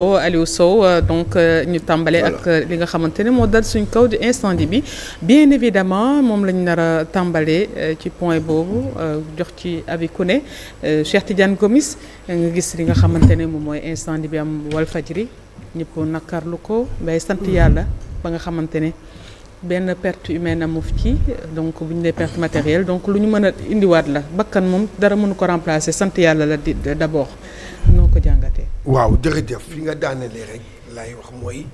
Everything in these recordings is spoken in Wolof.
o Aliou Sow euh, donc euh, ñu tàmbale ak euh, li nga xamante ne moo dal suñ kaw di incendie bi bien évidemment moom lañ nar tàmbalee tàmbale ci point boobu jox ci abi ku ne Cheikh Tidiane Gomis nga gis li nga xamante ne moom mooy incendie bi am Walfadjri ñëpp nakarlu ko bay sant yàlla ba nga xamante ne benn perte humaine amu ci donc bu ñu nee perte matérielle donc lu ñu mën a indiwaat la bakkan moom dara mënu ko remplacer sant yàlla la di d'abord ko jàngatee. waaw jërëjëf fi nga daanelee rek laay wax mooy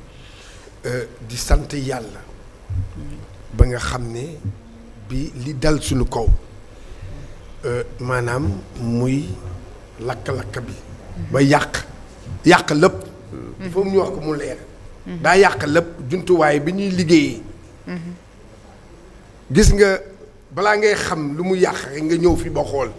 euh, di sant yàlla ba nga xam ne bi li dal suñu kaw euh, maanaam muy lakk-lakk bi. ba yàq yàq lëpp foofu ñu wax ko mu leer. daa yàq lépp jumtuwaay bi ñuy liggéeyee. Mhm. gis nga balaa ngay xam lu mu yàq nga ñëw fi ba xool.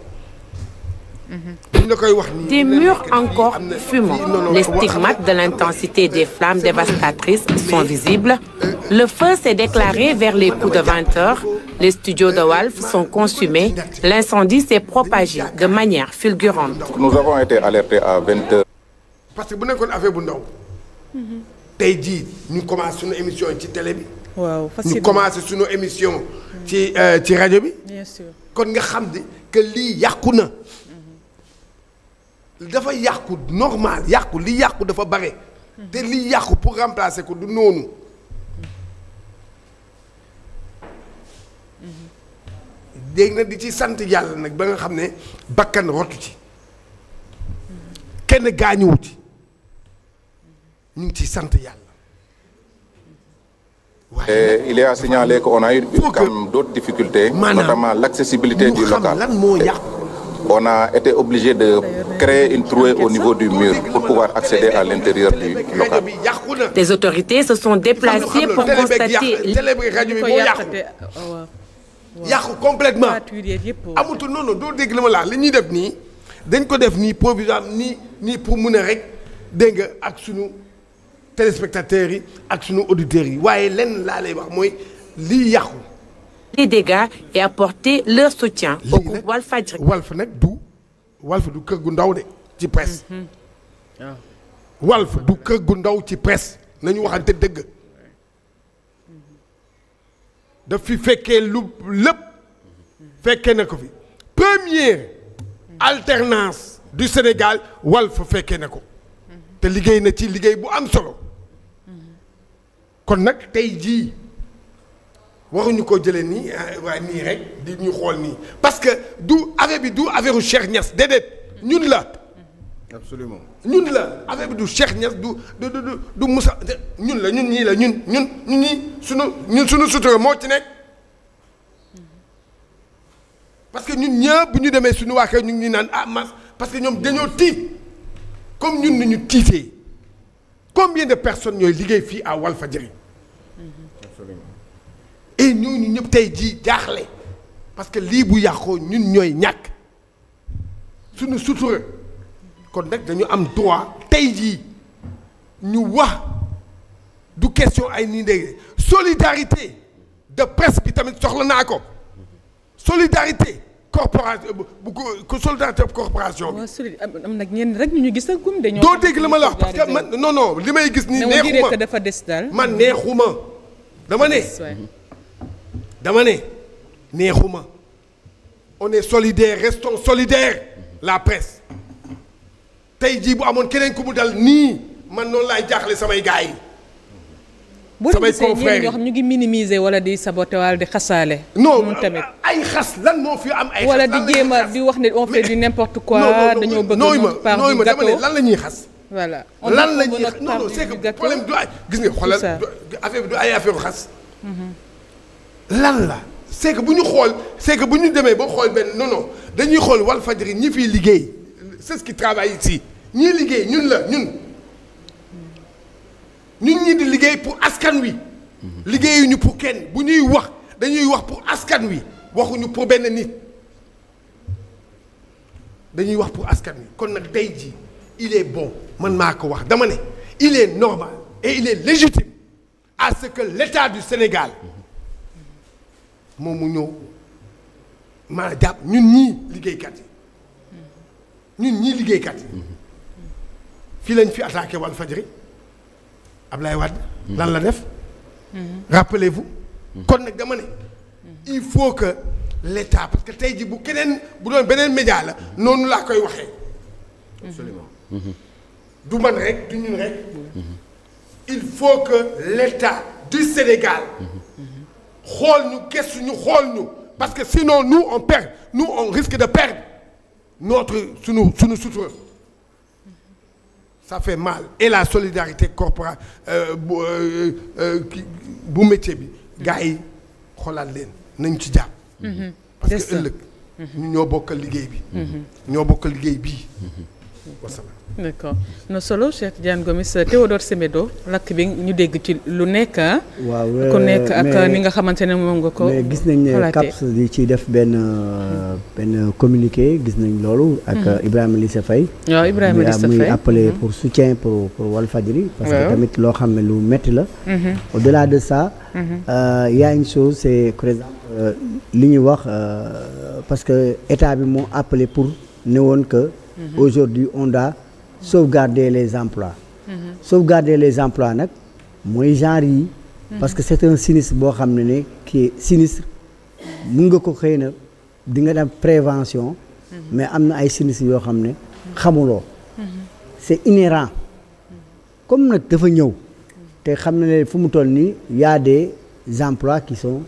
Des murs encore fumants. Les stigmates de l'intensité des flammes dévastatrices sont visibles. Euh, Le feu s'est déclaré vers les ah, coups de 20 heures. Les studios de Walf sont consumés. L'incendie s'est propagé de manière fulgurante. Nous avons été alertés à 20 heures. Parce que bu nekkoon affaire bu ndaw. tey ñu commencé sunu émission ci télé bi. waaw ñu commencé sunu émission. ci euh, ci rajo bi. bien sûr kon nga xam ne que na. dafa yàqu normal yàqu li yàqu dafa bare. te li yàqu pour remplacer ko du noonu. dégg na di ci sant yàlla nag ba nga xam ne bakkan rotu ci kenn gaañuwu ci ñu ngi ci sant yàlla. il est à signaler qu'on a eu quand même l'accessibilité du local moo yàqu. on a été obligé de créer une trouée au niveau du mur pour pouvoir accéder à l'intérieur du local. Des autorités se sont déplacées pour constater yàqu complètement amatul noonu doo dégg la ma laa li ñuy def nii dañ ko def nii provisoire nii nii pour mun a rek dégg nga ak sunu téléspectateurs yi ak sunu auditeurs yi waaye len laa lay wax mooy lii yàqu les dégâts et apporter leur soutien au groupe Walfadjri. Walf nag du Walf du kër gu ndaw de ci presse. Mhm. Ah. Walf du kër gu ndaw ci presse nañu waxante dëgg. daf fi fekkee lu lépp fekkee na ko fi première alternance du Sénégal Walf fekkee na ko te liggéey na ci liggéey bu am solo mhm. kon nag tey jii. waruñu ko jëlee nii eh, waaye nii rek di ñu xool nii parce que du affaire bi du affaire u Cheikh Niass déedéet ñun la. absolument ñun la affaire bi du Cheikh Niass du du du du Moussa ñun la ñun ñii la ñun ñun ñun ñii sunu ñun sunu sutura moo ci nekk. parce que ñun ñëpp bu ñu demee suñu waa ñu ngi naan ah mas parce que ñoom dañoo tiit comme ñun ni ñu tiitee combien de personnes ñooy liggéey fii à Walfadjri ñoo ñooñu ñëpp tey jii jaaxle parce que lii bu yàqoo ñun ñooy ñàkk suñu sutura kon nag dañu am droit tey jii ñu wax du question ay nii dégg solidarité de presse bi tamit soxla naa ko solidarité corporation bu ko solidarité corporation bi. waaw am nag ñenn rek ñu ñu gisagum. dañoo doo dégg li ma la wax parce que man non li may gis. nii neexuma dafa des daal man neexuma dama ne. dama ne neexuma on est solidaire restons solidaires la presse tey jii bu amoon keneen ku mu dal nii man noonu laay jaaxle samay gars yi. samay confrères yi ñu ngi minimiser wala di saboter wala di xasaale. non tamit ay xas lan moo fi am. ay xas wala di jéem a di wax ne on fait du n'importe quoi. dañoo bëgg notre lan la ñuy xas. voilà lan la ñuy xas non non c'est que problème du ay gis nga xoolal du ay affaire xas. Mm-hmm. lan la c'est bu ñu xool c'est bu ñu demee ba xool benn non dañuy xool Walfadjri ñi fiy liggéey c'est ce qui travaille ici ñii liggéey ñun la ñun ñun ñi di liggéey pour askan wi. liggéeyuñu pour kenn bu ñuy wax dañuy wax pour askan wi waxuñu pour benn nit dañuy wax pour askan wi kon nag tey jii il est bon man maa ko wax dama ne il est normal et il est légitime à ce que l'État du Sénégal. moom mu ñëw maa jàpp ñun ñii liggéeykat yi ñun ñii liggéeykat yi fii lañ fi attaqué wal fajri Ablaye Wade lan la def rappelez-vous kon nag dama ne il faut que l'État parce que tey ji bu keneen bu doon beneen média la noonu laa koy waxee absolument du man rek du ñun rek il faut que l'État du Sénégal xool ñu gëstu ñu xool nu parce que sinon nous on perd nous on risque de perdre notre suñu suñu sutura ça fait mal et la solidarité corporelle euh, bu euh, euh, bu métier bi gars yi xoolaat leen nañ ci jàpp mhm. parce que ëllëg mhm. ñu ñoo bokkal liggéey bi mhm. ñoo bokkal liggéey bii d'accord no solo Cheikh Tidiane Gomis Théodore lakk bi ñu dégg ci lu nekk ah? waaw ku nekk euh, ak ni nga xamante ne moom nga ko mais gis nañ ne CAPS di ci def benn hmm. benn communiqué gis nañ loolu ak hmm. Ibrahima sa Faye waaw Ibrahima Lissa Faye muy appelé hmm. pour soutien pour pour Walfadjri parce que tamit loo xam ne lu metti la au-delà de ça euh, y a une c'est par euh, li ñuy wax parce que état bi moo appelé pour ne woon que Mm-hmm. aujourd'hui on doit sauvegarder les emplois mm-hmm. sauvegarder les emplois nag mooy genre yi mm-hmm. parce que c'est un sinistre boo xam ne ne kii sinistre mun nga ko xëy na di nga prévention mais am na ay sinistre yoo xam ne xamuloo c'est inhérent comme nag dafa ñëw te xam na ne fu mu toll nii y de des emplois qui sont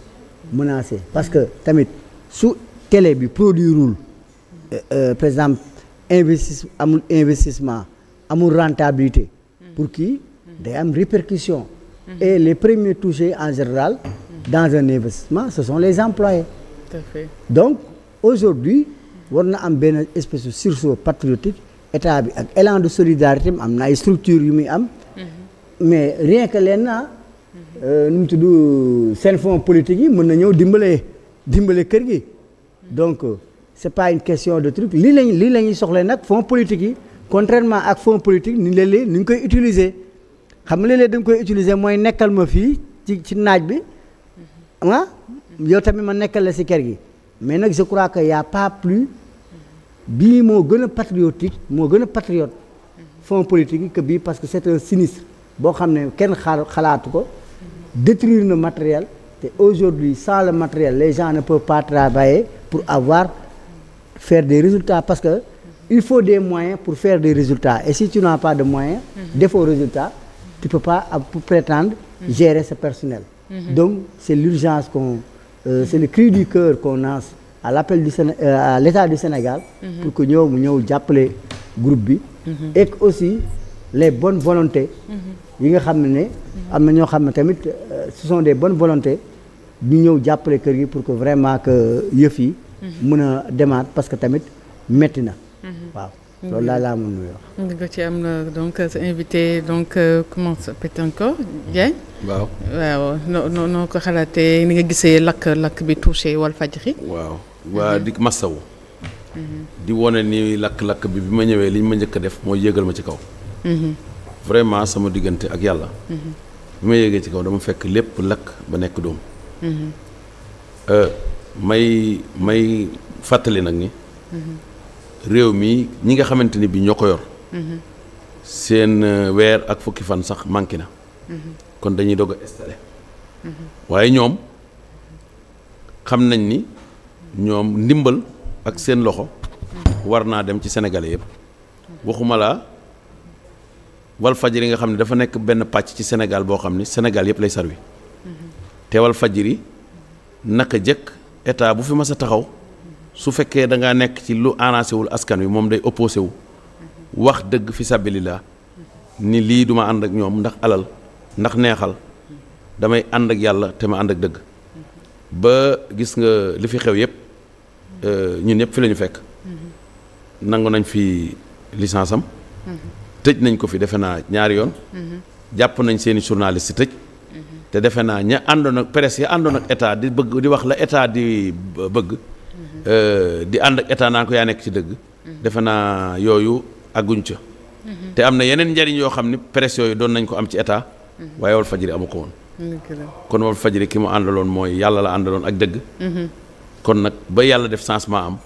menacés parce que tamit su télé bi produirul euh, euh, par investi amul investissement amul rentabilité mm. pour qui mm. day am répercussion mm-hmm. et les premiers touchés en général mm-hmm. dans un investissement ce sont les employés tout à fait donc aujourd'hui war na am benn espèce de sursaut patriotique état bi ak élan de solidarité am na ay structures yu muy am mm-hmm. mais rien que leen na euh, nu mu tudd seen fonds politique yi mën na ñëw dimbale dimbale kër gi euh, c'est pas une question de truc lii lañ lii la ñuy soxla nag fonds politique yi contrairement ak fonds politique ni léeg-léeg ni ñu koy utiliser xam nga léeg-léeg dañ koy utiliser mooy nekkal ma fii ci ci naaj bi mhm. ah yow tamit ma nekkal la si kër gi mais nag je crois que y pas plus bii moo gën a patriotique moo gën a patriote mhm. fonds politique yi que bii parce que c'est un sinistre boo xam ne kenn xaar xalaatu ko mhm. détruire le matériel te aujourd'hui sans le matériel les gens ne peuvent pas travailler pour avoir faire des résultats parce que il faut des moyens pour faire des résultats et si tu n'as pas de moyens mhm. de faux résultats tu peux pas prétendre mhm. gérer ce personnel mhm. donc c'est l'urgence qu'on euh, c'est le cri du cœur qu'on à l'appel du Séné euh, à l'État du Sénégal pour que ñëw mu ñëw jàppale groupe bi et aussi les bonnes volontés yi nga xam ne am na ñoo xam ne tamit euh, ce sont des bonnes volontés ñu ñëw jàppale kër gi pour que vraiment que euh, yëf yi mën a demaat parce que tamit metti na mhm. waaw loolu laa laa mën nuyu wax. nga ci am na donc sa invité donc euh, comment s'appelle encore waaw noo noo noo ko xalaatee ni nga gisee lakk-lakk bi touché Walfadjri. waaw waa di massaw mhm. di wone ni lakk-lakk bi bi ma ñëwee li ñu ma njëkk a def mooy yéegal ma ci kaw. Mhm. vraiment sama diggante ak yàlla. bi ma yéegee ci kaw dama fekk lépp lakk ba nekk doom. Euh, may may fàttali nag ni réew mi ñi nga xamante ni bi ñoo ko yor seen euh, weer ak fukki fan sax manqué na kon dañuy doog a waaye ñoom xam nañ ni ñoom ndimbal ak seen loxo war naa dem ci sénégalais yëpp waxuma laa Walfadjri nga xam ne dafa nekk benn pàcc ci senegal boo xam ni senegal yëpp lay sarwi te Walfadjri naka jëkk état bu fi mës a taxaw su fekkee da ngaa nekk ci lu arrangé wul askan wi moom day opposé wu wax dëgg fi sabilillah ni lii duma ànd ak ñoom ndax alal ndax neexal damay ànd ak yàlla te ma ànd ak dëgg ba gis nga li fi xew yëpp euh, ñun ñëpp fi la fekk nangu nañ fi licence am mm-hmm. tëj nañ ko fi defe naa ñaari yoon mm-hmm. jàpp nañ seeni journaliste tëj te defe naa ña àndoon ak presse yi àndoon ak état di bëgg di wax la état di bëgg mhm. euh, di ànd ak état naan ko yaa nekk ci dëgg mhm. defe naa yooyu aguñ ca mhm. te am na yeneen njariñ yoo xam ni presse yooyu doon nañ ko am ci état waaye wal faj amu ko woon kon wal fajiri ki mu àndaloon mooy yàlla la àndaloon ak dëgg kon nag ba yàlla def changement am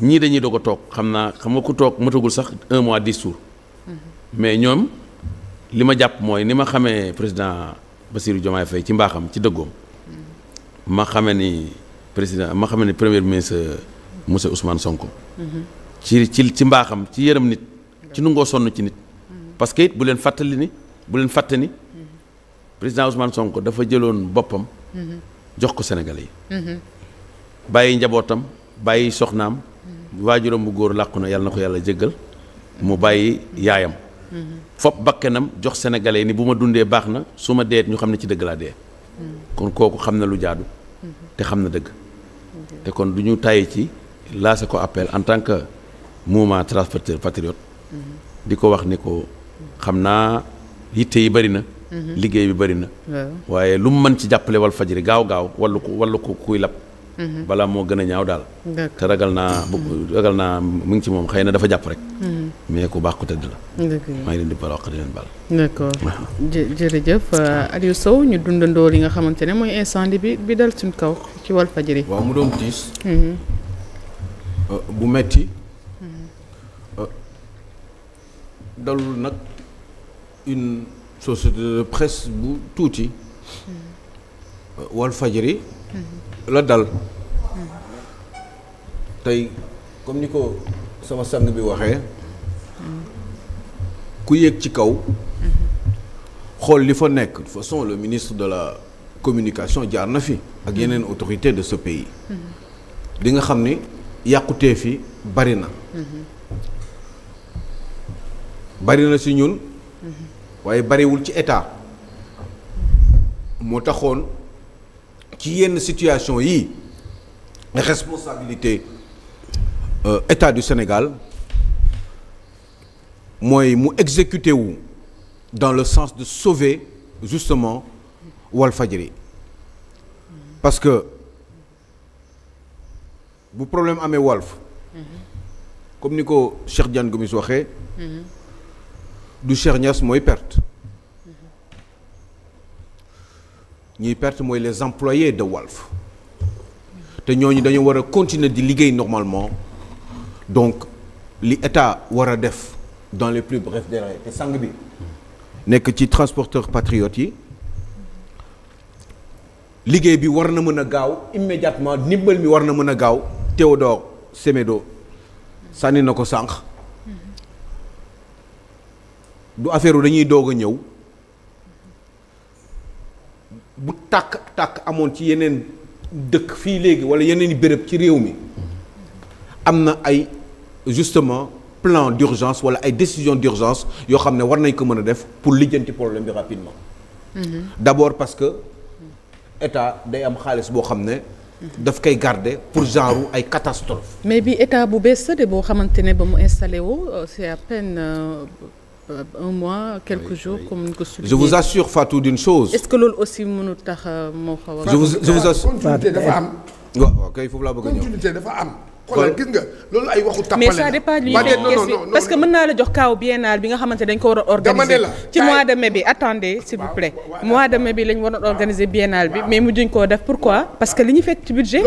ñii dañuy doog a toog xam naa xam nga ku toog matagul sax un mois dix jours mais ñoom li ma jàpp mooy ni ma xamee président Bassirou Diomaye Faye ci mbaaxam ci dëggoom ma xamee ni président ma xamee ni premier ministre monsieur Ousmane Sonko. ci ci mbaaxam ci yërëm nit ci nungoo sonn ci nit parce que it bu leen fàttali ni bu leen fàtte ni président Ousmane Sonko dafa jëloon boppam jox ko Sénégalais yi bàyyi njabootam bàyyi soxnaam waajuram bu góor làqu na yàlla na ko yàlla jéggal mu bàyyi yaayam fop bakkanam jox sénégalais ni bu ma dundee baax na su ma deet ñu xam ne ci dëgg laa dee kon kooku xam na lu jaadu te xam na dëgg te kon du ñu tàyyi ci lancé ko appel en tant que mouvement transporteur patriote di ko wax ni ko xam naa yitte yi bëri na mhm. liggéey bi bëri na waaye lu mu mën ci jàppalewal faj fajri gaaw gaaw wallu ko wallu ko kuy lab Mhm. balaa moo gën a ñaaw daal. te ragal naa ragal naa mu ngi ci moom xëy na dafa jàpp rek. Mhm. mais ku baax ku tëdd la. maa ngi leen di baal wax di leen baal. d' accord jërëjëf euh, ah. Aliou Sow ñu dundandoo yi nga xamante ne mooy incendie bi bi dal suñ kaw ci Walfadjri. waaw mu doon tiis. Mhm. Euh, bu metti euh, dalul nag une société de presse bu tuuti. Walfadjri. la dal tey comme ni ko sama sang bi waxee ku yéeg ci kaw xool li fa nekk de toute façon le ministre de la communication jaar na fi ak yeneen autorité de ce pays di xam ni yàqutee fi bari na si ñun waaye bariwul ci état moo taxoon ci yenn situation yi responsabilité euh, état du Sénégal mooy mu exécuté wu dans le sens de sauver justement Walfadjri parce que bu problème amee Walf comme ni ko Cheikh Diagne Gomis waxee mhm. du Cheikh Niass mooy perte ñuy perte mooy les employés de Walf te ñooñu dañoo war a continuer di liggéey normalement donc li état war a def dans les plus brefs délais te sang bi nekk ci transporteur patriote yi liggéey bi war na mën a gaaw immédiatement ndimbal mi war na mën a gaaw Théodore Semedo sànni na ko sànq du affaire dañuy doog a ñëw bu tàkk-tàkk amoon ci yeneen dëkk fii léegi wala yeneen i béréb ci réew mi am na ay justement plan d'urgence wala ay décision d'urgence yoo xam ne war nañ ko mën a def pour lijjanti problème bi rapidement mhm. d'abord parce que état day am xaalis boo xam ne daf koy garder pour genre ay catastrophe mais bi état bu bees de boo xamante ne ba mu installé woo euh, c'est à euh, Euh, un mois quelques oui, jours oui. comme ni ko souligné. je vous assure Fatou d'une chose. est-ce que loolu aussi mënul tax euh, moo xaw a. je vous je vous assure continuité dafa am. waaw waaw kay foofu laa bëgg a ñëw continuité dafa am. xoolal gis nga loolu ay waxu tappale mais ça parce que mën naa la jox kaaw biennale bi nga xamante dañ ko war a organiser ci mois de mai bi attendez s'il vous plaît mois de mai bi lañ waroon organiser biennale bi mais mujjuñ koo def pourquoi parce que li ñu fekk ci budget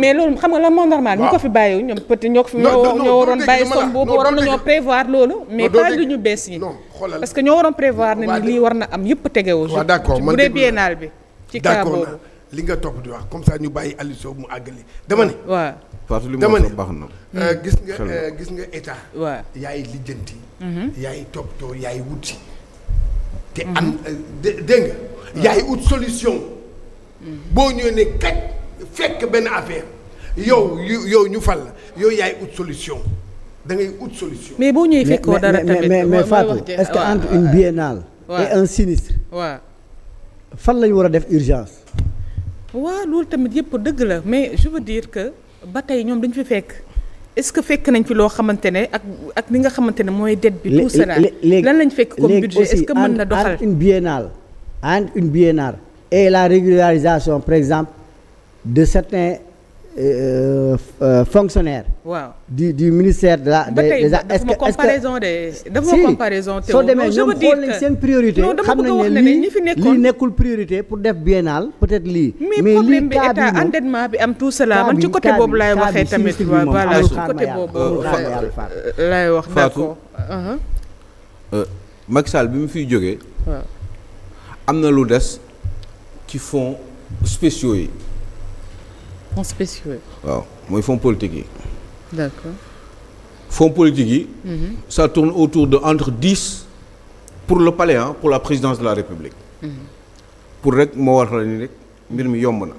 mais loolu xam nga la moo normal ñu ko fi bàyyiwu ñoom peut ñoo ko fi ñoo waroon bàyyi somme boobu waroon nañoo prévoir loolu mais pas li ñu bees yi parce que ñoo waroon prévoir ni lii war na am parce que li mu wax baax na. Euh, gis nga euh, gis nga état. waa yaay lijjanti. Mhm. yaay toppatoo yaay wuti. te mhm. am euh, dégg nga. yaay ut solution. Mhm. boo ñëwee ne kat fekk benn affaire yow yow ñu fal la yow yaay ut solution dangay ngay ut solution. mais boo ñëwee fekkoo dara tamit mais mais Fatou est-ce que fan lañu war a yëpp dëgg la mais je dire que. ba tey ñoom dañu fi fekk est-ce que fekk nañ fi loo xamante ne ak ak li nga xamante ne mooy dette bi. tout cela lan lañ fekk comme budget est-ce que man na doxal une biennale and une biennale et la régularisation par exemple de certains. Euh, euh, euh, fonctionnaire. waaw du du ministère de la. De, des a est-ce que de dafa ma comparaison. teewul soo demee ñoom xool nañ seen priorité. xam nañ ne lii nekkul priorité pour def biennale peut-être lii. mais lii cas bi endettement bi am tout cela man ci côté boobu laay waxee tamit. voilà ci côté boobu euh, wax d'accord Fatou. Uh-huh. Euh, bi mu fi jógee. am na lu des ci fonds spéciaux yi. fonds waaw mooy fonds politique yi. d'accord. fonds yi. Mmh. tourne autour de entre dix pour le palais pour la présidence de la république. Mmh. pour rek moo war la ni mbir mi yomb na.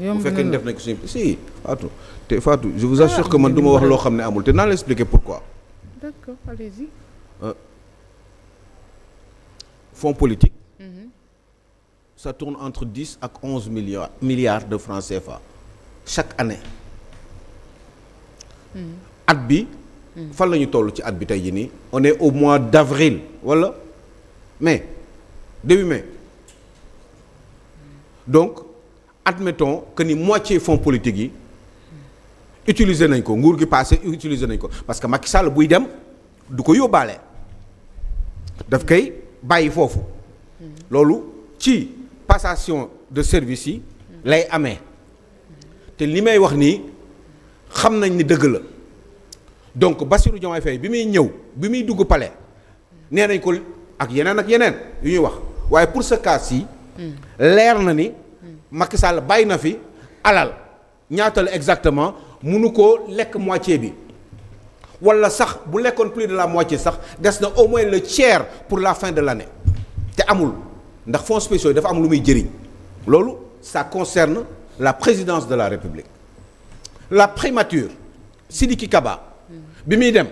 yomb na bu def nañ ko suñu si Fatou te Fatou je vous ah, assure que man du ma wax loo xam ne amul te naa la expliquer pourquoi. d'accord allez euh, ça tourne entre dix ak onze milliards milliards de francs CFA chaque année. Hmm. at bi. Hmm. fan la ñu toll ci at bi tey jii nii. on au mois d' avril wala voilà. mai début mai donc admettons que ni moitié fonds politique yi utiliser nañ ko nguur gi passé utiliser nañ ko parce que Macky Sall buy dem du ko yóbbaale daf koy bàyyi foofu hmm. loolu ci. passation de service yi lay amee te li may wax nii xam nañ ni dëgg la donc Bassirou Diomaye Faye bi muy ñëw bi muy dugg pale nee nañ ko ak yeneen ak yeneen yu ñuy wax waaye pour ce cas ci hmm. leer na ni Macky Sall bàyyi na fi alal ñaata la exactement munu koo lekk moitié bi wala sax bu lekkoon plus de la moitié sax des na au moins le tiers pour la fin de l'année te amul ndax fonds spéciaux dafa am lu muy jëriñ loolu ça concerne la présidence de la république la primature Sidiki Kaba bi muy dem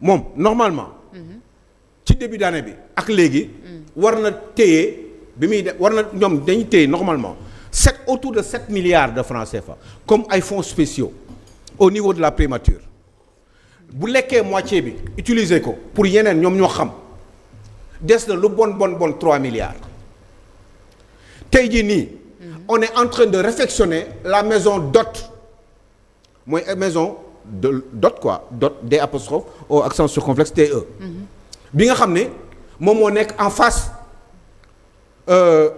moom normalement ci début d'année bi ak léegi war na téye bi muy dem war na ñoom dañuy téye normalement sept autour de sept milliards de francs fa comme ay fonds spéciaux au niveau de la primature bu lekkee moitié bi utiliser ko pour yeneen ñoom ñoo xam des na lu bon bon bon trois milliards tey jii nii mm-hmm. on est en de réfectionner la maison dot mooy maison de dot quoi dot d apostrophe au accent e. mm-hmm. bi nga xam ne moom moo nekk en face euh,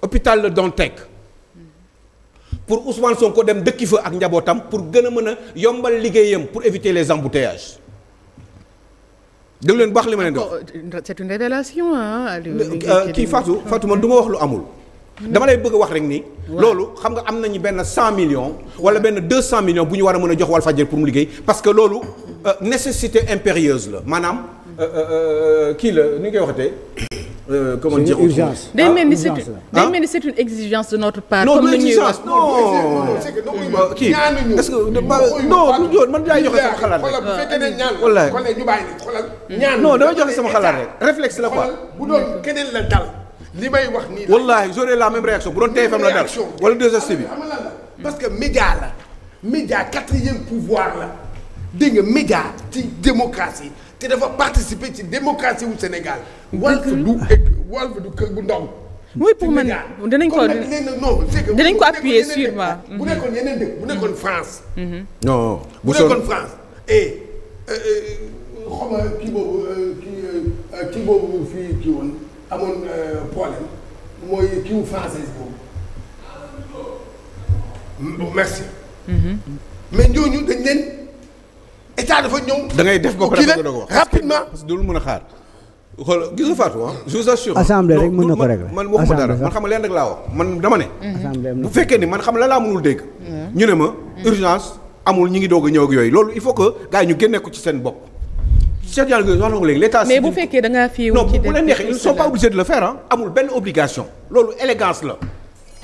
hôpital Le Dantec mm-hmm. pour Ousmane ko dem dëkki fa ak njabootam pour gën a mën a yombal liggéeyam pour éviter les embouteillages déglu leen baax li ma leen di wax. c'est une révélation ah. kii Fatou Fatou man du ma wax lu amul. Hmm. dama lay bëgg a wax rek ni. loolu xam nga am nañu benn cent millions. wala benn deux cent bu ñu war a mën a jox Walfadjri pour mu liggéey parce que loolu euh, nécessité impérieuse la maanaam. Euh, euh, euh, kii la ni nga koy waxatee. Euh, comment dire urgence day ah, mel ni c'est ah? day mel ni c'est une exigence de notre part. comme ni ñuy wax non non kii est-ce que non man daay joxe sama xalaat rek. bu fekkee ne ñaan wallaay ñu bàyyi xoolal. ñaan non damay joxe sama xalaat rek réflexe la quoi. bu doon keneen la dal. li may wax nii wallahi j'aurais la même réaction bu doon TFM la dal wala 2STV bi. parce que média la. média quatrième pouvoir la. dégg nga média ci démocratie. te dafa participer ci démocratie wu Sénégal. Walf du Walf du kër gu ndaw. oui pour man dinañ ko dinañ ko appuyer sûrement. bu nekkoon yeneen dëkk bu nekkoon France. Mm-hmm. non bu nekkoon France et boobu euh, kii euh, kii boobu fii euh, kii woon amoon problème mooy kii wu boobu. merci. Mm-hmm. mais ñooñu dañ leen. état dafa ñëw. da ngay def boo ko defee ko wax rapidement. parce que du lu mën a xaar. xool gis nga Fatou ah, rek mën na ko régler man waxuma dara man xam nga leen rek laa wax man dama ne. bu fekkee ni man xam la laa mënul dégg. Mm-hmm. ñu ne ma urgence amul ñu ngi doog a ñëw ak yooyu loolu il faut que gars yi ñu génne ko ci seen bopp. Cheikh Diallo Gueye wax na ko léegi l'état mais bu fekkee da ngaa fi non bu leen neexee ils sont pas obligés de le amul benn obligation loolu élégance la.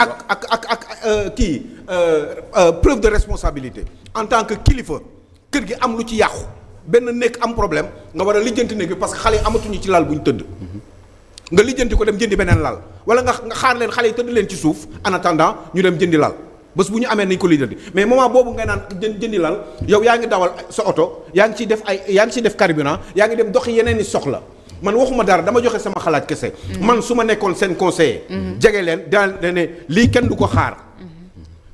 ak ak ak ak euh, kii euh, euh, preuve de responsabilité en tant que kilifa. kër gi am lu ci yàqu benn nekk am problème nga war a lijjanti néeg bi parce que xale yi amatuñu ci lal bu ñu tëdd. Mhm. nga lijjanti ko dem jëndi beneen lal wala nga xaar leen xale yi tëdd leen ci suuf en attendant ñu dem jëndi lal bés bu ñu amee nañ ko lijjanti mais moment boobu ngay naan jëndi lal yow yaa ngi dawal sa oto yaa ngi ciy def ay yaa ngi siy def carburant yaa ngi dem doxi yeneen i soxla. man waxuma dara dama joxe sama xalaat kese. Mhm. man su ma nekkoon seen conseiller. Mhm. jege leen daan ne lii kenn du ko xaar.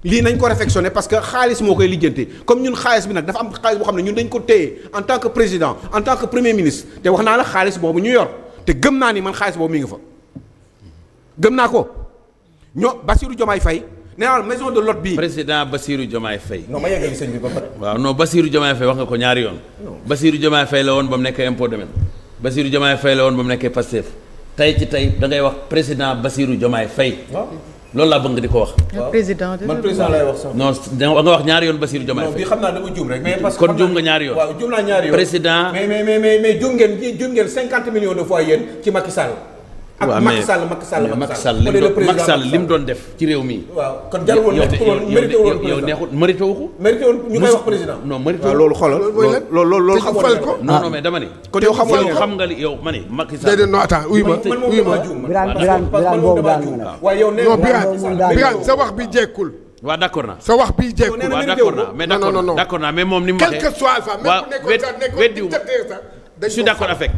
lii nañ ko réfectionné parce que xaalis moo koy lijjanti comme ñun xaalis bi nag dafa am xaalis boo xam ne ñun dañ ko téye en tant que président en tant que premier ministre te wax naa la xaalis boobu ñu yor te gëm naa ni man xaalis boobu mi ngi fa gëm naa ko ñoo Bassirou Diomaye Faye nee naa la maison de l'hôte bi président Bassirou Diomaye Faye non ma yeggali sëñ bi ba waaw non Bassirou Diomaye Faye wax nga ko ñaari yoon Bassirou Diomaye Faye la woon ba mu nekkee impôt domaine Bassirou Diomaye Faye la woon ba mu nekkee Pastef tey ci tey da ngay wax président Bassirou Diomaye Faye loolu laa bëgg nga di ko wax. président man président lay wax sax. non nga wax ñaari yoon Bassirou Diomaye Faye. non bi xam naa dama juum rek. kon juum nga ñaari yoon. président. mais mais mais mais juum cinquante millions de fois yéen ci Macky Sall. ak Macky Sall Macky Sall Macky Sall doon def ci réew mi. waaw kon jarul woon nekkul woon mérité woon yow neexut mérité wu ko. mérité woon ñu koy loolu xoolal. loolu xam fal ko. non non xam nga li yow ma ne Macky Sall. déedéet non attends uy ma uy ma. Birane Birane Birane boobu daal ma na Birane sa wax bi jekkul. waaw d'accord naa sa wax bi jékku waaw d'accord naa mais d'accord naa mais moom ni mu waxee. quel d'accord avec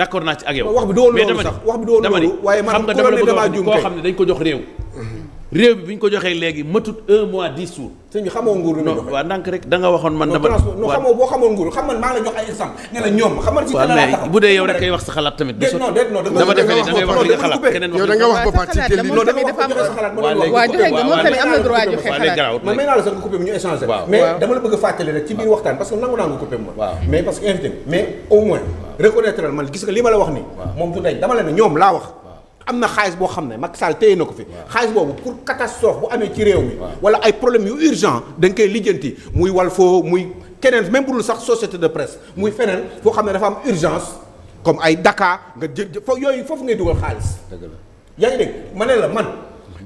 d'accord naa ci ak yow. mais dama wax bi doo loolu sax wax bi doo loolu. waaye man ku la ne damaa juum kay koo xam ne dañ ko jox réew. réew bi bu ñu ko joxee léegi matut un mois dix jours. sëñ bi xamoo nguur non waaw ndànk rek da waxoon man. dama boo xamoon nguur xam man maa la jox ay exemple ne la ñoom xamal ci wax sa xalaat li nga xalaat keneen moom tamit am na a fàttali dama la ne ñoom laa wax am na xaalis boo xam ne mag Sall téye na ko fi xaalis boobu pour catastrophe bu amee ci réew mi wala ay problème yu urgent dañ koy lijjanti muy Walfo muy keneen même bu dul sax société de presse muy feneen foo xam ne dafa am urgence comme ay Dakar nga jël foofu yooyu foofu ngay dugal xaalis yaa ngi dégg ma ne la man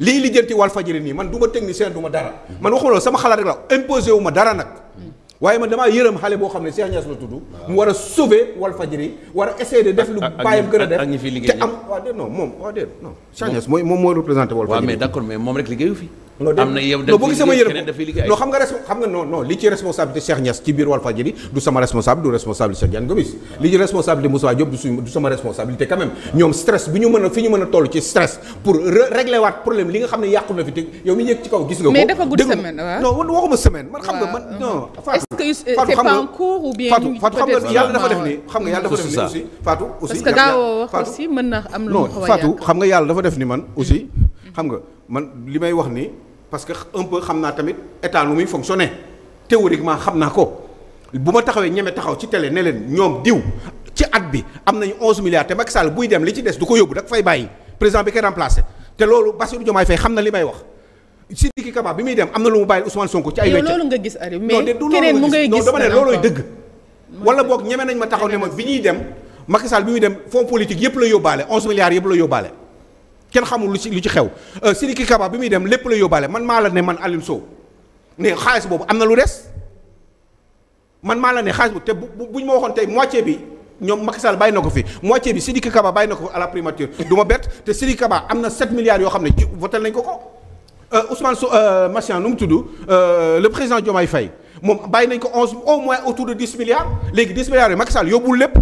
lii lijjanti Walfadjri nii man du ma technicien du ma dara hmm. man waxuma loolu sama xalaat rek la imposé wu ma dara nag hmm. waaye man damaa yërëm xale boo xam ne Cheikh Niass la tudd mu war a sauver Walfadjri war a essayer def lu bàyyam gën a def te am waaw déet non moom waaw déet non Cheikh mooy moom mooy représenté Walfadjri waaw mais d'accord moom rek liggéeyu fi am na yow daf dafay liggéey non xam nga responsabilité Cheikh Niass ci biir Walfadjri du sama responsable du responsable Cheikh Diagne Gomis li ci responsabilité Moussa Diop du sama responsabilité quand même ñoom stress bi ñu mën a fi ñu mën a toll ci stress pour régler waat problème li nga xam ne yàqu na fi te yow mi yëg ci kaw gis nga ko mais dafa waxuma semaine man xam nga man non Fatou na am lu non xam nga yàlla dafa def ni man aussi xam nga man li may wax ni parce que un peu xam naa tamit état nu muy fonctionner théoriquement xam naa ko bu ma taxawee ñeme taxaw ci télé ne ñoom diw ci at bi am nañu onze milliards te Macky Sall buy dem li ci des loolu Bassirou na li may wax Sidiki Kaba bi am na lu mu bàyyi Ousmane Sonko ci ay wecc loolu nga gis Ari mais keneen mu ngay gis dama ne loolooy dëgg wala boog ñeme nañ ma taxaw ne ma bi ñuy dem Macky Sall bi muy dem fonds politique yëpp la yóbbaale onze milliards yëpp la yóbbaale kenn xamul lu ci lu ci xew euh, Sidiki Kaba bi muy dem lépp la yóbbaale man maa la ne man Alioune Sow ne xaalis boobu am na lu des man maa la ne xaalis boobu te bu buñ ma waxoon tey moitié bi ñoom Macky Sall na ko fi moitié bi Sidiki Kaba bàyyi na ko la primature du ma bett te Sidiki Kaba am na yoo xam ne ci voté nañ ko ko euh, Ousmane Sow euh, nu mu tudd le président Diomaye Faye moom bàyyi nañ ko 11 au moins autour de 10 milliards léegi 10 milliards yi Macky yóbbul lépp.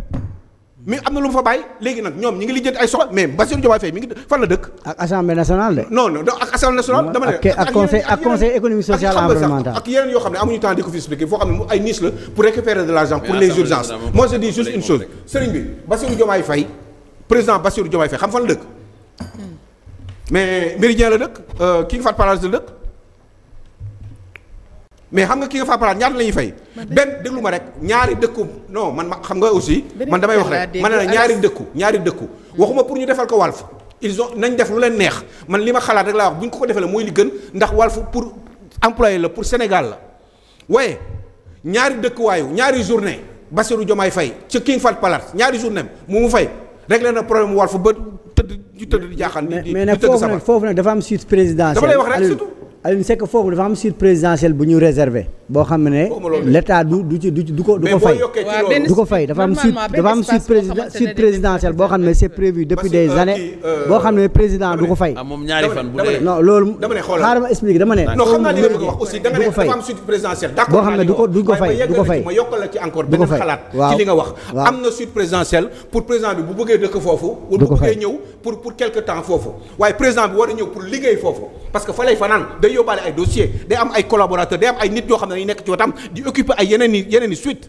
mi am na lu mu fa bàyyi léegi nag ñoom ñi ngi lijjanti ay soxla mais Bassirou Diomaye Faye mi ngi fan la dëkk. ak assemblée nationale de. non non ak assemblée nationale dama ne. ak ak conseil ak conseil économique social environnemental ak yeneen yoo xam ne amuñu temps di ko fi expliquer foo xam ne ay niche la pour récupérer de l' argent pour les urgences. moi je dis juste une chose sëriñ bi Bassirou Diomaye Faye président Bassirou Diomaye Faye xam fan hmm. mais Méridien la dëkk euh, King Fahd la dëkk. mais xam nga ki nga Fapal ñaata la ñuy fay. benn déglu ma rek ñaari dëkku non man xam nga aussi. man damay wax rek man ne la ñaari dëkku ñaari dëkku. Hmm. waxuma pour ñu defal ko Walf ils ont nañ def lu leen neex man li ma xalaat rek laa wax bu ñu ko ko defee la mooy li gën ndax Walf pour employé la pour Sénégal la waaye ñaari dëkkuwaayu ñaari journée Bassirou Diomaye Faye ci King Fahd Palace ñaari journée mu mu fay réglé na problème Walf ba tëdd ñu tëdd di jaaxal. di di tëdd sabar mais nag foofu nag dafa am suite présidentielle. dafa lay wax rek surtout Alioune Seck foofu dafa am suite présidentielle bu ñu réservé boo xam ne l' état du du ci du ko du ko fay du ko fay dafa am suite présidentielle boo xam ne c' est prévu depuis euh, euh, président du ko fay. moom ñaari fan bu dee non loolu. dama ne xoolal xaaral ma expliquer dama am suite présidentielle. d' accord boo xam du ko du ko fay du ko fay pour président bi bu bëggee dëkk foofu. du ko fay waaye président bi war a ñëw pour liggéey foofu parce que fa lay fanaan day yóbbaale ay dossier day am ay collaborateur day am ay nit yoo xam ne dañuy nekk ci watam di occuper ay yeneen i suite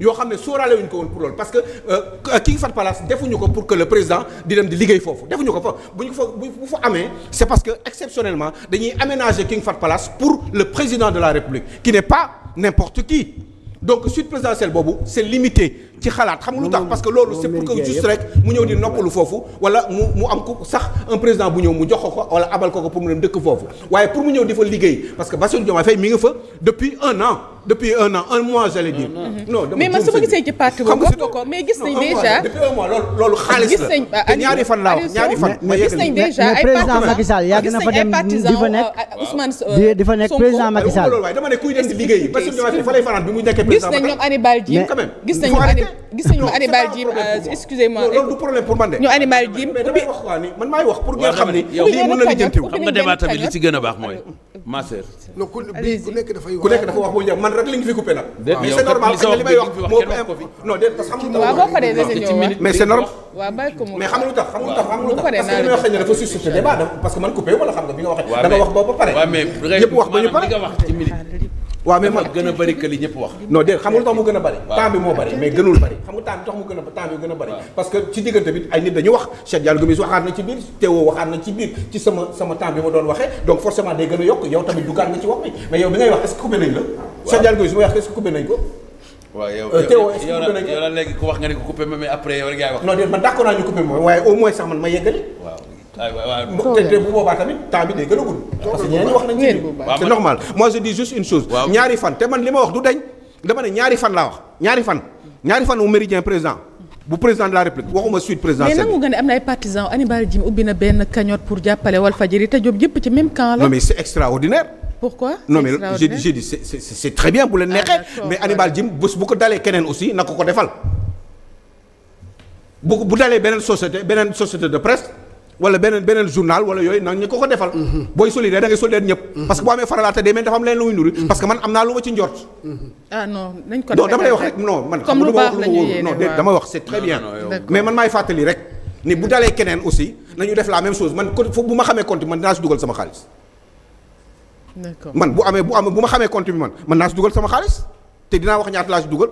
yoo xam ne sóoraale wuñ ko woon pour loolu parce que euh, King Fahd Palace defuñu ko pour que le président di dem di liggéey foofu defuñu ko fa bu ñu ko fa bu fa amee c'est parce que exceptionnellement dañuy aménager King Fahd Palace pour le président de la République qui ne pas n'importe qui donc suite présidentielle boobu c'est limité ci xalaat xam nga lu tax parce que loolu c'est pour que juste rek mu ñëw di noppalu foofu wala mu mu am ko sax un président bu ñëw mu jox ko ko abal ko ko pour mu dem dëkk foofu waaye pour mu ñëw di fa liggéey parce que Bassirou Diomaye Faye mi nga fa depuis un an depuis un an un mois j'allais dire. non mais man su ma gisee président Macky Sall yàgg na fa dem euh, di fa nekk président Macky Sall. ne kuy dem di liggéey parce que lay fanaan bi muy nekkee gis nañu animal jim euh, excusez-moi loolu du problème pour man de ñu animal jim mais wax waa ni man maay wax pour ngeen xam ni lii mën na lijjantiw xam nga débat tamit li ci gën a baax mooy ma sœur non ku nekk dafay wax ku nekk dafa wax boo jëm man rek li nga fi coupé nag mais c'est normal li may wax non déet parce que waaw boo paree dese ñëw mais c'est normal waaw bàyyi ko mu mais xam nga lu tax xam nga lu tax xam nga lu tax parce que li may wax ne dafa suscité débat parce que man coupé wala xam nga bi nga waxee da nga wax ba pare yëpp wax ba ñu pare waaw mais man gën a bëri que li wax non déet xam nga mu gën a bëri temps moo bëri mais gënul bëri xam nga mu gën a temps parce que ci diggante bi ay nit dañu wax Cheikh Diallo Gomis waxaat na ma doon waxee donc a yokk yow tamit dugaat nañ la Cheikh Diallo Gomis nañ ko waaye au moins sax man ma yeggali waaw waaw ah, te bu boobaa tamit temps bi gën a gudd. parce que wax nañ ci c'est normal moi je dis juste une chose. ñaari fan te man li ma wax du dañ. dama ne ñaari fan laa wax ñaari fan. ñaari fan wu méridien président. bu président de la république waxuma suite président. mais nangu nga ne am na ay partisans Anibal Jim ubbi na benn cagnotte pour jàppale Walfadjri te Diop yëpp ci même camp la. mais c'est extraordinaire. pourquoi non mais j'ai dit j'ai dit c'est c'est très bien bu leen ah, neexee. mais Anibal ko dalee keneen aussi na bu dalee beneen société beneen société de presse wala beneen beneen journal wala yooyu nag ñu ko ko defal mhm. booy solidaire da ngay solidaire ñëpp mhm. parce que boo amee faralaate day mel dafa am leen lu muy nuru mhm. parce man am naa lu ma ci njort ah non nañ ko non dama lay wax rek non man ah, bu dalee keneen aussi nañu def la même chose man foofu bu ma xamee compte man dinaa si man bu amee bu amee bu ma xamee compte bi man man naa si dugal sama xaalis te dinaa wax ñaata laa si dugal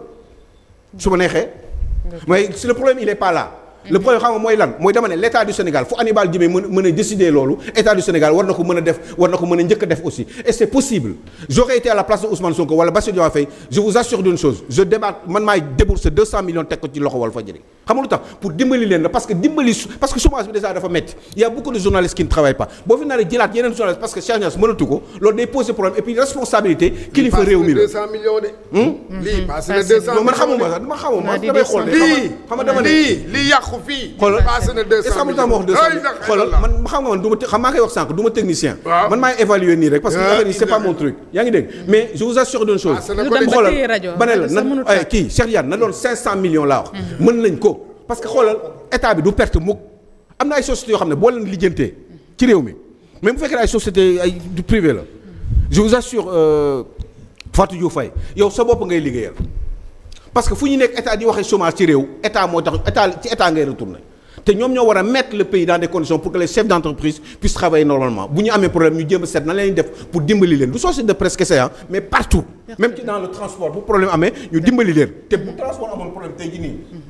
su ma neexee mais si le problème il est pas là le problème xam mooy lan mooy dama ne du Sénégal fu Hannibal Djimé mën a décider loolu état du Sénégal war ko mën a def war ko mën a njëkk def aussi et c' possible j'aurais été à la place de Ousmane Sonko wala Bassirou Diomaye Faye je vous assure d'une chose je débat man maay débourser 200 millions teg ko ci loxo Walfadjri xam nga lu tax pour dimbali leen la parce que dimbali parce que chômage bi dafa métti y' a beaucoup yàqu fii. xoolal passé na 200 xam nga man xam nga man du ma xam maa koy wax sànq du ma technicien. man maay évaluer nii rek parce que affaire ah, yi c'est pas mon truc. yaa ngi dégg mais je vous assure d'une chose. Ah, xoolal ba ne la na laa wax. Mm-hmm. mën nañ ko parce que xoolal état bi du perte mukk am na ay sociétés yoo xam ne boo leen lijjantee ci réew mi mais bu fekkee ay société ay privé la je a assure euh, Fatou Diouf yow sa bopp ngay liggéeyal parce que fu ñu nekk état di waxee chômage ci réew état moo tax état ci état ngay retourné te ñoom ñoo war a mettre le pays dans des conditions pour que les chefs d' entreprise travailler normalement bu ñu amee problème ñu jéem a na leen def pour dimbali leen du société de presse kese ah mais partout même ci dans le transport bu problème amee ñu dimbali leen te bu transport amoon problème tey jii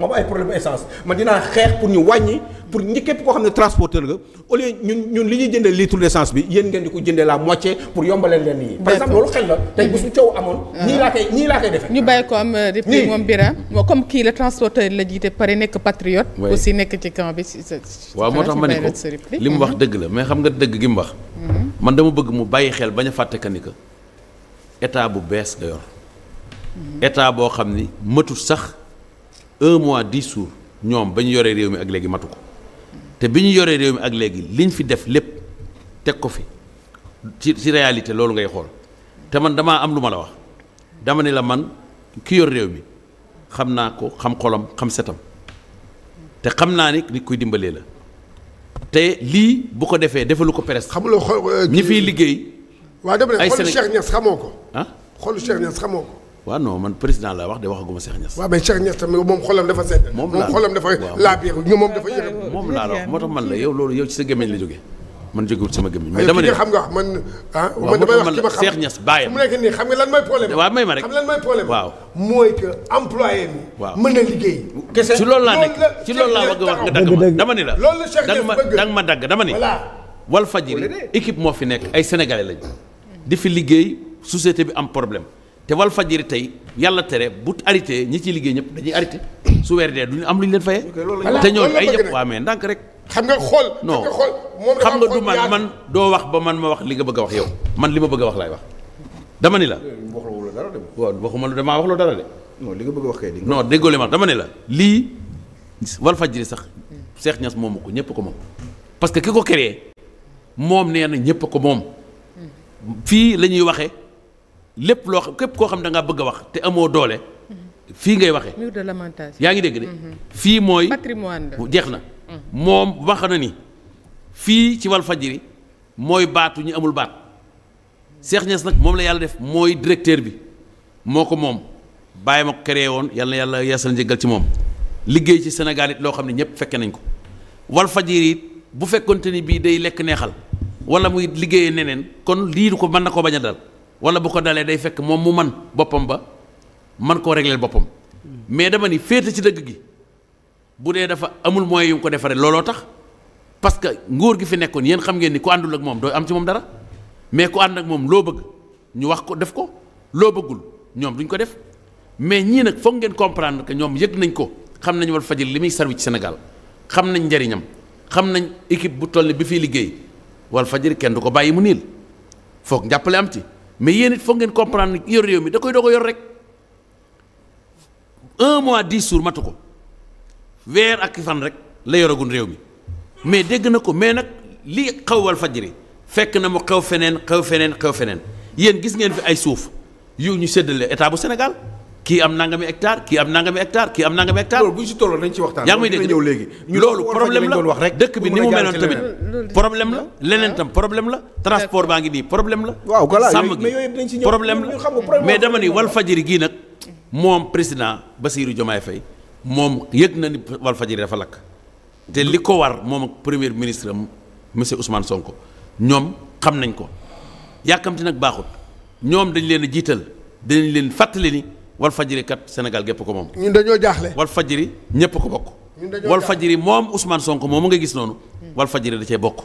moom ay problème essence man dinaa xeex pour ñu wàññi pour ñi képp koo xam ne transporteur nga au lieu ñun ñun li ñuy jëndee litre d'essence bi yéen ngeen di ko jëndee la moitié pour yombaleen leen nii. par exemple loolu xel la tey bu su coow amoon. ñii ah. laa koy ñii laa koy defee. ñu bàyyi ko am euh, réplique moom Birame comme kii la transporteur la jiite pare nekk patriote. aussi nekk ci camp bi si sa. waaw moo tax ma ne ko li mu wax dëgg la mais xam nga dëgg gi mu wax. Mhm. man dama bëgg mu bàyyi xel bañ a fàtte que ni que état bu bees mhm. état boo xam ni matul sax un mois dix jours ñoom ba ñu yoree réew mi ak léegi matu ko te bi ñu yoree réew mi ak léegi li ñu fi def lépp teg ko fi ci ci loolu ngay xool te man damaa am lu ma la wax dama ne la man ki yor réew mi xam naa ko xam xolam xam setam te xam naa ni nit kuy dimbalee la te lii bu ko defee defalu ko presse. xamuloo xol euh, ki fiy liggéey. waa Sénégal waaw dama ne xolu Cheikh Niass xamoo ko. ah xolu Cheikh Niass xamoo ko. waaw non man président laa wax de waxaguma Cheikh Niass. moom xolam dafa sedd. moom laa laa wax moo tax man la yow loolu yow ci sa gémmiñ la jógee. man jógewul sama gémmiñ mais dama ne xam man ah, ma xam Cheikh Niass bàyyi mu nekk nii xam nga lan mooy problème waaw may waaw mooy que employé loolu laa nekk ci loolu laa bëgg wax nga dagg ma dama ni la loolu la Cheikh Niass bëgg danga ma dagg dama ni Walfadjri équipe moo fi nekk ay sénégalais lañ di fi liggéey société bi am problème te wal fajiri tey yàlla tere bu arrêté ñi ciy liggéey ñëpp dañuy arrêté su weer dee duñu am lu ñu leen fayee. te ñooñu ay yëpp waa mais ndànk rek. xam nga xool. non xam nga du man man doo wax ba man ma wax li nga bëgg a wax yow man li ma bëgg a wax laay wax dama ni la. Eh, waaw waxuma lu damaa wax loo dara de. non li nga bëgg a wax kay. non déggoo li ma dama ni la lii wal fajiri sax Cheikh Niass moomu ko ñëpp ko moom parce que ki ko créé moom nee na ñëpp ko moom hmm. fii la ñuy waxee lépp loo xam képp koo xam da ngaa bëgg a wax te amoo doole. fii ngay waxee. mur de yaa ngi dégg de. Mhm. fii mooy. patrimoine jeex na. Mhm. moom wax na ni fii ci wal fajiri mooy baatu ñu amul baat. Cheikh Niass nag moom la yàlla def mooy directeur bi moo ko moom bàyyi ma ko créé woon yàlla na yàlla yeesal njëggal ci moom liggéey ci senegal it loo xam ne ñëpp fekke nañ ko. wal fajiri it bu fekkonte ni bii day lekk neexal wala muy liggéeyee neneen kon lii du ko mën na ko bañ a dal. wala bu ko dalee day fekk moom mu man boppam ba man koo régleel boppam mais dama ni féete ci dëgg gi bu dee dafa amul moyen yu mu ko defaree looloo tax parce que nguur gi fi nekkoon yéen xam ngeen ni ku àndul ak moom dooy am ci moom dara mais ku ànd ak moom loo bëgg ñu wax ko def ko loo bëggul ñoom duñ ko def mais ñii nag foog ngeen comprendre que ñoom yëg nañ ko xam nañ wal fajir li muy servi ci Sénégal xam nañ njariñam xam nañ équipe bu toll bi fiy liggéey wal fajir kenn du ko bàyyi mu niil foog njàppale am ci mais yéen it foog ngeen comprendre ni yor réew mi da koy doog yor rek un mois dix jours matu ko weer ak fan rek la yoragun réew mi mais dégg na ko mais nag li xew Walfadjri fekk na mu xew feneen xew feneen xew feneen yéen gis ngeen fi ay suuf yu ñu séddale état bu Sénégal. kii am nangami hectare kii am nangami hectare kii am nangami hectare. loolu bu ñu si tolloon nañ ci waxtaan. yaa ngi may dégg ñëw léegi. loolu problème la dëkk bi ni mu meloon tamit problème la leneen tam problème la transport baa ngi nii problème la. sàmm gi problème la mais dama ni Walfadjri gii nag moom président Bassirou Diomaye Faye moom yëg na ni Walfadjri dafa lakk te li ko war moom ak premier ministre am monsieur Ousmane Sonko ñoom xam nañ ko yàkkamti nag baaxut ñoom dañ leen a jiital dañ leen fàttali ni. wal fajiri kat Sénégal gépp ko moom. ñun dañoo jaaxle. wal fajiri ñëpp ko bokk. ñun dañoo wal fajiri moom mu Sonko moomu nga gis noonu. wal fajiri da cee bokk.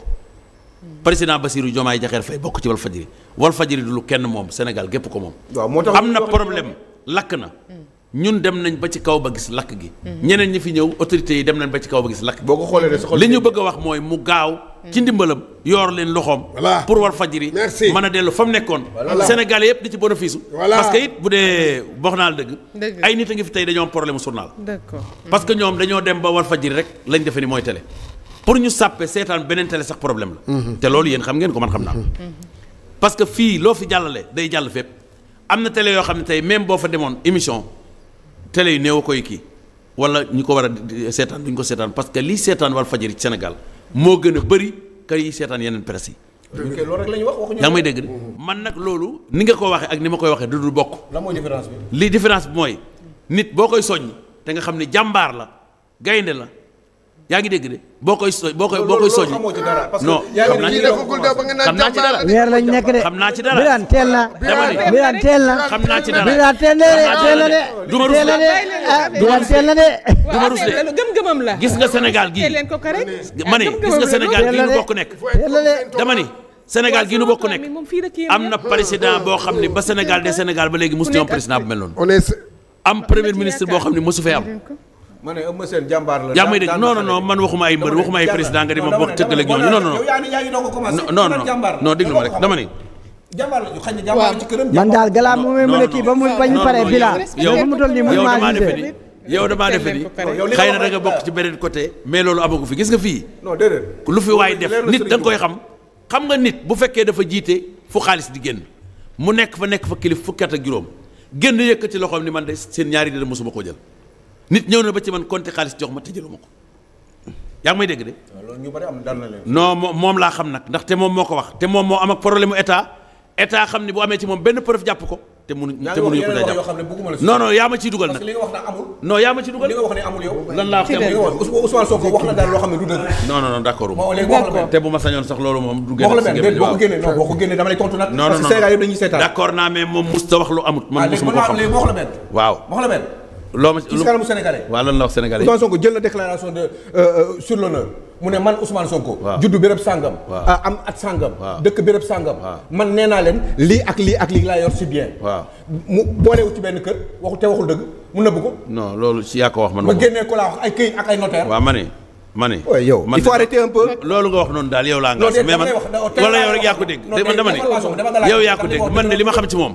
président Bassirou Diomaye Diakhar Faye bokk ci wal fajiri wal fajiri du lu kenn moom Sénégal gépp ko moom. waaw moo am na problème lakk na. ñun dem nañ ba ci kaw ba gis lakk gi. ñeneen ñi fi ñëw autorités yi dem nañ ba ci kaw ba gis lakk gi. boo xoolee li ñu bëgg a wax mooy mu gaaw ci ndimbalam yor leen loxoom. pour wal fajiri. merci mën a dellu fa mu nekkoon. Sénégal yëpp di ci bénéfice. parce que it bu dee wax naa la dëgg. ay nit a ngi fi tey dañoo am problème journal. ñoom dañoo dem ba wal fajiri rek lañ defee ni mooy télé. pour ñu sàppe seetaan beneen télé sax problème la. Mhm. te loolu yéen xam ngeen ko man xam naa ko. Mhm. parce fii loo fi jàllale day jàll fépp. am na télé yoo xam ne tey même boo fa demoon émission télé yu néew a koy kii wala a moo gën a bëri kay yi seetaan yeneen presse yi. loolu la ñu wax waxuñu. yaa ngi may dégg de mm-hmm. man nag loolu. ni nga ko waxee ak ni ma koy waxee du dul bokk. lan mooy différence bi. li différence mooy nit boo koy soñ te nga xam ne jàmbaar la gaynde la yaa ngi dégg de boo koy soj boo koy boo koy soj non xam naa ci dara xam naa ci dara nekk de xam naa ci dara biraan teel na biraan teel na xam naa ci dara biraan teel na de teel na de ah, du ma rus de biraan teel na de du ma rus de gëm-gëmam la gis nga Sénégal gii ma ne nga ah, Sénégal gii nu bokk nekk dama ni Sénégal gii nu bokk nekk am na président boo xam ne ba Sénégal de Sénégal ba léegi mosu ñu am président bu mel noonu am premier ministre boo xam ne mosu fee am ma ne Eumeu Sène jàmbaar la. yaa may dégg non non non man waxuma ay mbër waxuma ay président nga di ma bokk tëggal ak ñooñu non non. non non non déglu ma rek dama ne. jàmbaar la xëy na jàmbaar la ci këram. man daal galaa moom mooy mën a kii ba mu bañ pare bilan. yow mu toll nii mu maa gisee yow damaa defe ni xëy na da nga bokk ci beneen côté. mais loolu amagu fi gis nga fii. non déedéet lu fi waay def nit da nga koy xam. xam nga nit bu fekkee dafa jiite fu xaalis di génn mu nekk fa nekk fa kilif fukki at ak juróom génn yëkkati loxoom ni man de seen ñaari dina mosuma ko jël nit ñëw na ba ci man compter xaalis jox ma te jëluma ko yaa ngi may dégg de. loolu ñu na leen. moom laa xam nag ndax te moom moo ko wax te moom moo am ak problème mu état xam ne moom benn preuve jàpp ko. ma ciy dugal nag. parce lan laa wax ne amul Ousmane Sonko wax na daal loo xam ne du dëgg. te bu moom. du génn si génn boo ko naa mais moom mos ta wax lu amut. man ah, mosuma ko xam waaw léegi wax la benn. waaw loo ma ci kanamu a waaw loolu la wax sénégalais Ousmane Sonko jël na déclaration de euh, euh, sur l'honneur mu ne man Ousmane Sonko. waaw juddu béréb sangam. Ah, am at sangam. dëkk béréb sangam. man nee naa leen lii ak lii ak lii laa yor si bien. waaw mu boolewu ci benn kër waxu waxul dëgg mu nëbb ko. non loolu si yaa ko wax man. ma génnee ko laa wax ay këyit ak ay notaire. waaw ma ne ma ne. loolu nga wax noonu daal yow laa nga. mais loolu yaa ko dégg. man ne li ma xam ci moom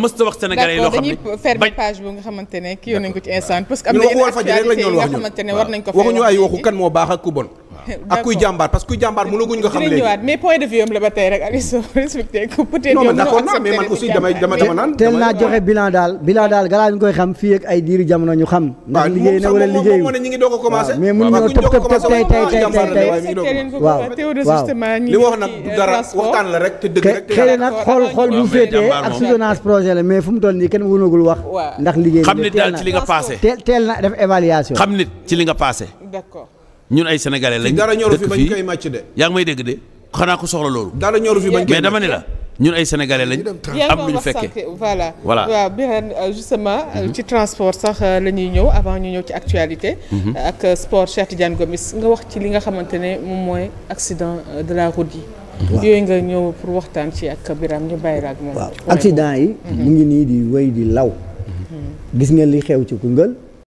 mës ta wax sénégalais yi loo xam ne dañuy fermer page bu nga xamante kii yoon nañ ko ci instant parce que am na yenn actualité yi nga xamante ne war nañ ko waxuñu ay waxu kan moo baax ak ku bon ak kuy jàmbaar parce que kuy jàmbaar mënaguñ nga xam léegi mais point de vue am la ba tey rek Aliou respecté ko peut être. non mais d'accord naa mais man aussi damay dama dama naan. teel naa joxe bilan daal bilan daal galaa ñu koy xam fii ak ay diiru jamono ñu xam. ndax liggéey na waaw ne ñu waaw waaw li wax nag dara euh, waxtaan la rek te dëgg rek. xëy nag xool xool bu féetee ak soutenance projet la mais fu mu toll nii kenn wónagul wax. ndax liggéey xam nit daal ci li nga passé teel na def évaluation xam nit ci li nga passé ñun ay sénégalais lañ. dara ñoru fi bañ koy màcc yaa ngi may dégg de xanaa ko soxla loolu. dara ñoru fi bañ koy mais dama ne la. ñun ay sénégalais lañ am lu ñu fekkee voilà voilà waaw Birane euh, justement euh, mhm. ci transport sax euh, la ñuy ñëw avant ñu ñëw ci actualité mhm. ak sport Cheikh Tidiane Gomis nga wax ci li nga xamante ne moom mooy accident de la route yi mhm. yooyu nga ñëw pour waxtaan ci ak Birane ñu bàyyi la ak moom waaw accident yi mu ngi nii di wéy di law gis ngeen li xew ci Koungheul